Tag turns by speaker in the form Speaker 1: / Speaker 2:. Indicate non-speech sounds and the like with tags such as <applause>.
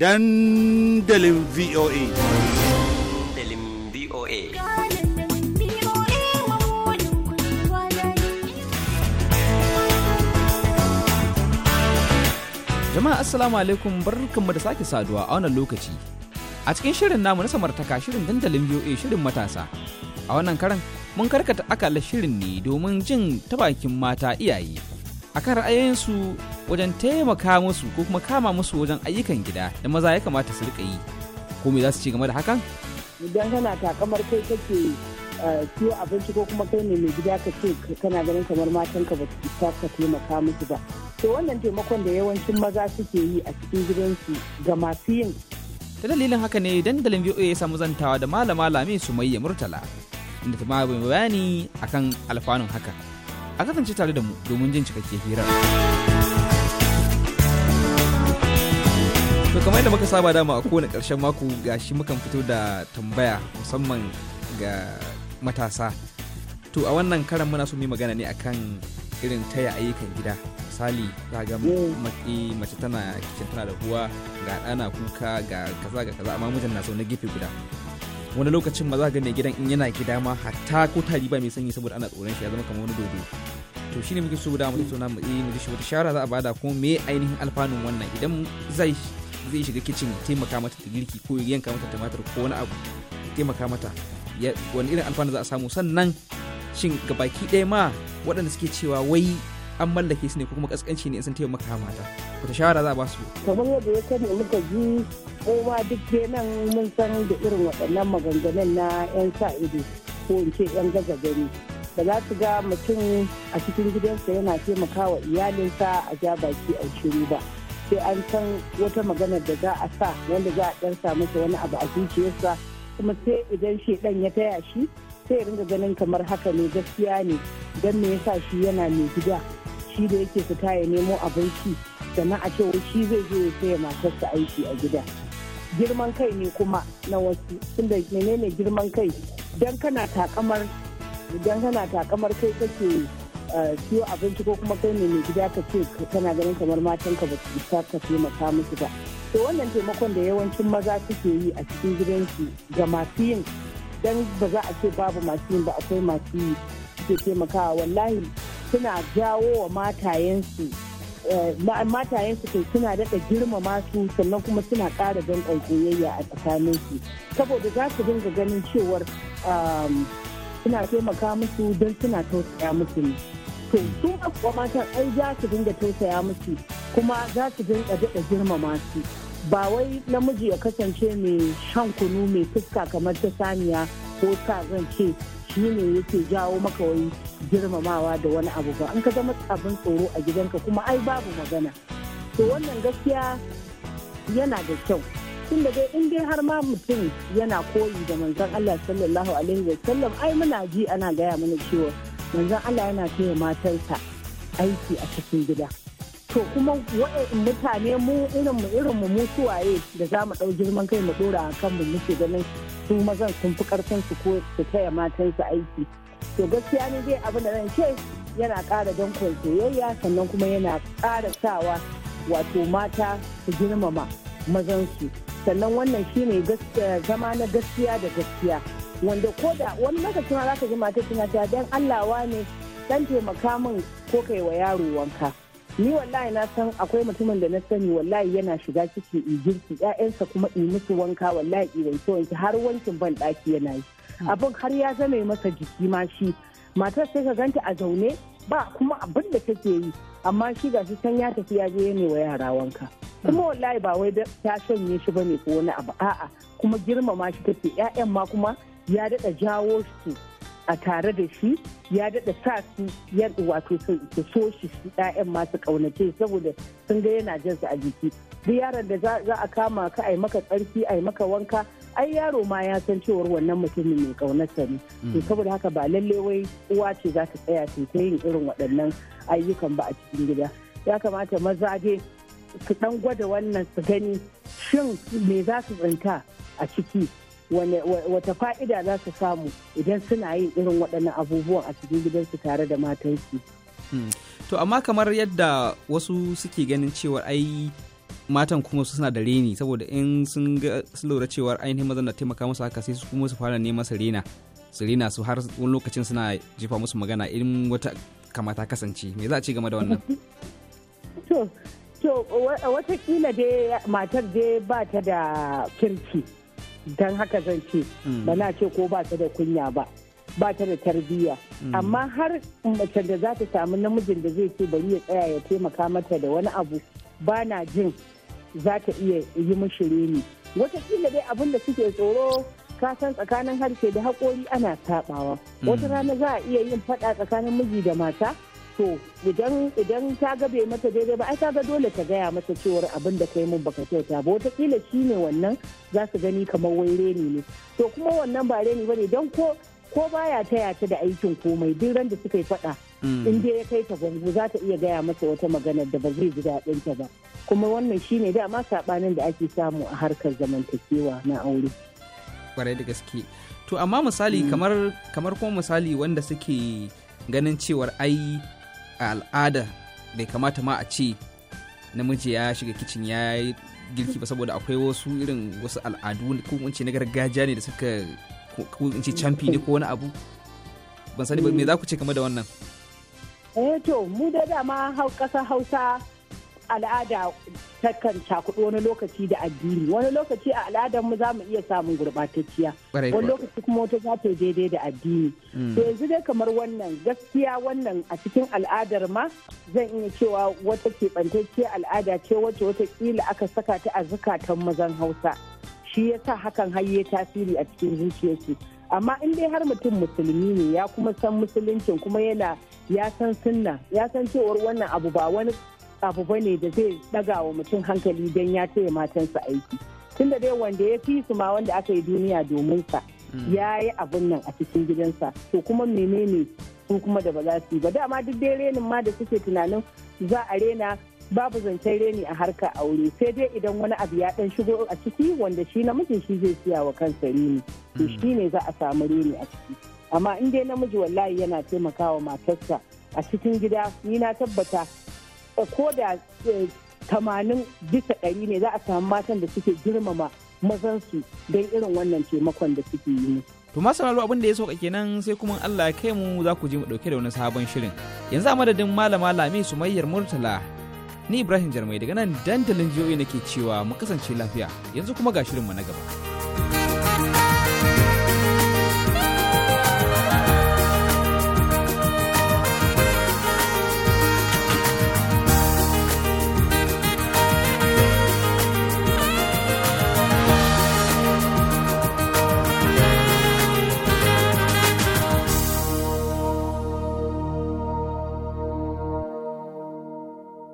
Speaker 1: dandalin VOA. VOA. Jama'a Assalamu alaikum barkanmu da sake saduwa a wannan lokaci. A cikin shirin namu na samartaka shirin dandalin VOA shirin matasa. A wannan karan mun karkata akalar shirin ne domin jin ta bakin mata iyaye A akan ra'ayoyinsu wajen taimaka musu ko kuma kama musu wajen ayyukan gida da maza ya kamata su rika yi ko me za su ci game da hakan
Speaker 2: idan kana takamar kai kake eh, siyo abinci ko kuma kai ne mai gida ka ce kana ganin kamar matanka ba su ka taimaka musu ba to wannan taimakon da yawancin maza suke yi a cikin gidansu ga
Speaker 1: masu yin ta dalilin haka ne dandalin VOA ya samu zantawa da malama Lami Sumayya Murtala inda ta mai bayani akan alfanun haka a kasance tare da mu domin jin cikakke hirar To kamar yadda muka saba dama a kowane ƙarshen mako gashi mukan fito da tambaya musamman ga matasa. To a wannan karan muna so mu magana ne akan irin taya ayyukan gida. Misali za ga mm. maki mace tana kicin tana da ruwa ga ɗana kuka ga kaza ga kaza amma mijin na zaune gefe guda. Wani lokacin za ga mai gidan in yana gida ma hatta ko tari ba mai sanyi saboda ana tsoron shi ya zama kamar wani dodo. to shine muke so da mu tattauna mu yi mu shi wata shara za a bada ko me ainihin alfanun wannan idan zai zai shiga kicin ya taimaka mata ta girki ko ya yanka mata tumatir ko wani abu ya taimaka mata wani irin alfanu za a samu sannan shin baki ɗaya ma waɗanda suke cewa wai an mallake su ne ko kuma kaskanci ne sun taimaka mata ta shawara za a ba su
Speaker 2: kamar yadda ya sani muka ji kowa duk dai nan mun san da irin waɗannan maganganun na 'yan sa ido ko in ce 'yan gaza gari da za su ga mutum a cikin gidansa yana taimakawa iyalinsa a ja baki a shiru ba sai an san wata magana da za a sa wanda za a samu ta wani abu a zuciyarsa kuma sai idan shi ɗan ya taya shi sai ringa ganin kamar haka ne gaskiya ne don me yasa shi yana mai gida shi da yake fita ya nemo abinci na a ce shi zai je ya saya matarsa aiki a gida girman kai ne kuma na wasu tunda menene girman kai dan kana takamar idan kana takamar kai kake ciwo eh, abinci ko kuma kai ne mai gida ka ce kana ganin kamar matanka ba su isa ka taimaka musu ba to wannan taimakon da yawancin maza suke yi a cikin gidansu ga masu yin dan ba za a ce babu masu yin ba akwai masu yi suke taimakawa wallahi suna jawo wa matayensu eh, matayen su kai suna daɗa girmama su sannan kuma suna ƙara don ƙoƙoyayya a tsakanin su saboda za su dinga ganin cewar um, suna taimaka musu don suna tausaya musu ne to su matan ai za su dinga tausaya musu kuma za su dinga daɗa girmama su ba wai namiji ya kasance mai shan kunu mai fuska kamar ta saniya ko ta zan ce shi ne yake jawo maka wai girmamawa da wani abu ba an ka zama abin tsoro a gidanka kuma ai babu magana to wannan gaskiya yana da kyau tun da dai in dai har ma mutum yana koyi da manzon Allah sallallahu alaihi wa sallam ai muna ji ana gaya mana cewa manzon Allah yana taya matarsa aiki a cikin gida to kuma mutane mu irin mu irin mu mu suwaye da za mu ɗau girman kai mu ɗora a kanmu muke ganin su mazan sun fi ƙarfin su ko su taya matansu aiki to gaskiya ne dai abin da zan ce yana ƙara dankon soyayya sannan kuma yana ƙara sawa wato mata su girmama mazansu sannan wannan shine zama na gaskiya da gaskiya wanda ko da wani lokacin ma za ka ji matar tana ta dan Allah ne dan taimaka min ko kai wa yaro wanka ni wallahi na san akwai mutumin da na sani wallahi yana shiga ciki in girki ƴaƴansa kuma in musu wanka wallahi in wanke wanke har wankin ban daki yana yi abin har ya zama masa jiki ma shi matar sai ka ganta a zaune ba kuma abin da take yi amma shi ga shi san ya tafi ya je ne wa yara wanka kuma wallahi ba wai ta shanye shi ba ne ko wani abu a'a kuma girmama shi take ƴaƴan ma kuma ya daɗa jawo su a tare da shi ya daɗa sa su wato su so shi ɗayan masu ƙaunace saboda sun ga yana jan su a jiki duk yaron da za a kama ka a yi maka tsarki yi maka wanka ai yaro ma ya san cewar wannan mutumin mai ƙaunarsa ne to mm. saboda haka ba lalle wai uwa ce za ta tsaya su ta yin irin waɗannan ayyukan ba a cikin gida ya kamata maza dai su ɗan gwada wannan su gani shin me za su tsinta a ciki wata fa'ida za su samu idan suna yin irin waɗannan abubuwan a cikin gidansu tare da matansu.
Speaker 1: Hmm. To amma kamar yadda wasu suke ganin cewar ai matan kuma su suna da reni saboda in sun lura cewar ainihin mazan na taimaka musu haka sai su kuma su fara neman su rena su rena su har wani lokacin suna jefa musu magana in wata kamata kasance me za a ci game da wannan.
Speaker 2: <laughs> To, watakila dai matar dai ba ta da kirki. don haka zan ce mm. ba na ce ko ba ta da kunya ba ba ta da tarbiyya mm. amma har mace da za ta samu namijin da zai ce bari ya tsaya ya taimaka mata da wani abu ba na jin za ta iya yi mishi wata watakila dai abin da suke tsoro kasan tsakanin harshe da haƙori ana saɓawa mm. wata rana za a iya yin faɗa tsakanin miji da mata to idan idan ta ga bai mata daidai ba ai ta ga dole ta gaya mata cewar abin da kai mun baka kyauta ba wata shi ne wannan za su gani kamar wai reni ne to kuma wannan ba reni ba ne don ko ko baya taya ta da aikin komai duk ran da suka yi faɗa mm. in dai ya kai ta gungu za ta iya gaya masa wata maganar da ba zai ji daɗin ta ba kuma wannan shine dama saɓanin da ake samu a harkar zamantakewa na aure.
Speaker 1: kwarai da gaske to amma misali mm. kamar kamar kuma misali wanda suke ganin cewar ai a al'ada bai kamata ma a ce namiji ya shiga kicin ya yi girki ba saboda akwai wasu irin wasu al'adu ko in ce na gargajiya ne da suka ko in ce champi ne ko wani abu ban sani ba me za ku ce game da wannan
Speaker 2: eh to mu da dama hau kasa hausa al'ada takan cakudu wani lokaci da addini wani lokaci a al'adar mu zamu iya samun gurbatacciya wani lokaci kuma wata za ta daidai da addini mm. to yanzu dai kamar wannan gaskiya wannan a cikin al'adar ma zan iya cewa wata keɓantacciya al'ada ce wacce kila aka saka ta a zukatan mazan hausa shi ya sa hakan hayye tasiri a cikin zuciyarsu amma in dai har mutum musulmi ne ya kuma san musuluncin kuma yana ya san sunna ya san cewar wannan abu ba wani abu bane da zai daga wa mutum hankali don ya taya matansa aiki tun da dai wanda ya fi su ma wanda aka yi duniya domin sa hmm. ya yi abun nan a cikin gidansa to kuma menene su kuma da ba za su yi ba dama duk dai renin ma da suke tunanin za a rena babu zancen reni a harka aure sai dai idan wani abu ya dan shigo a ciki wanda shi namijin shi zai siya wa kansa reni to hmm. shi ne za a samu reni a ciki amma in dai namiji wallahi yana taimakawa matarsa a cikin gida ni na tabbata ko da eh, tamanin bisa ɗari ne za a samu matan da suke girmama mazansu don irin wannan taimakon da suke yi musu.
Speaker 1: To ma abin ya sauka kenan sai kuma Allah ya kai mu za ku je mu dauke da wani sabon shirin. Yanzu a madadin malama Lami Sumayyar Murtala ni Ibrahim Jarmai daga nan dandalin jiyoyi nake cewa mu kasance lafiya yanzu kuma ga shirin mu na gaba.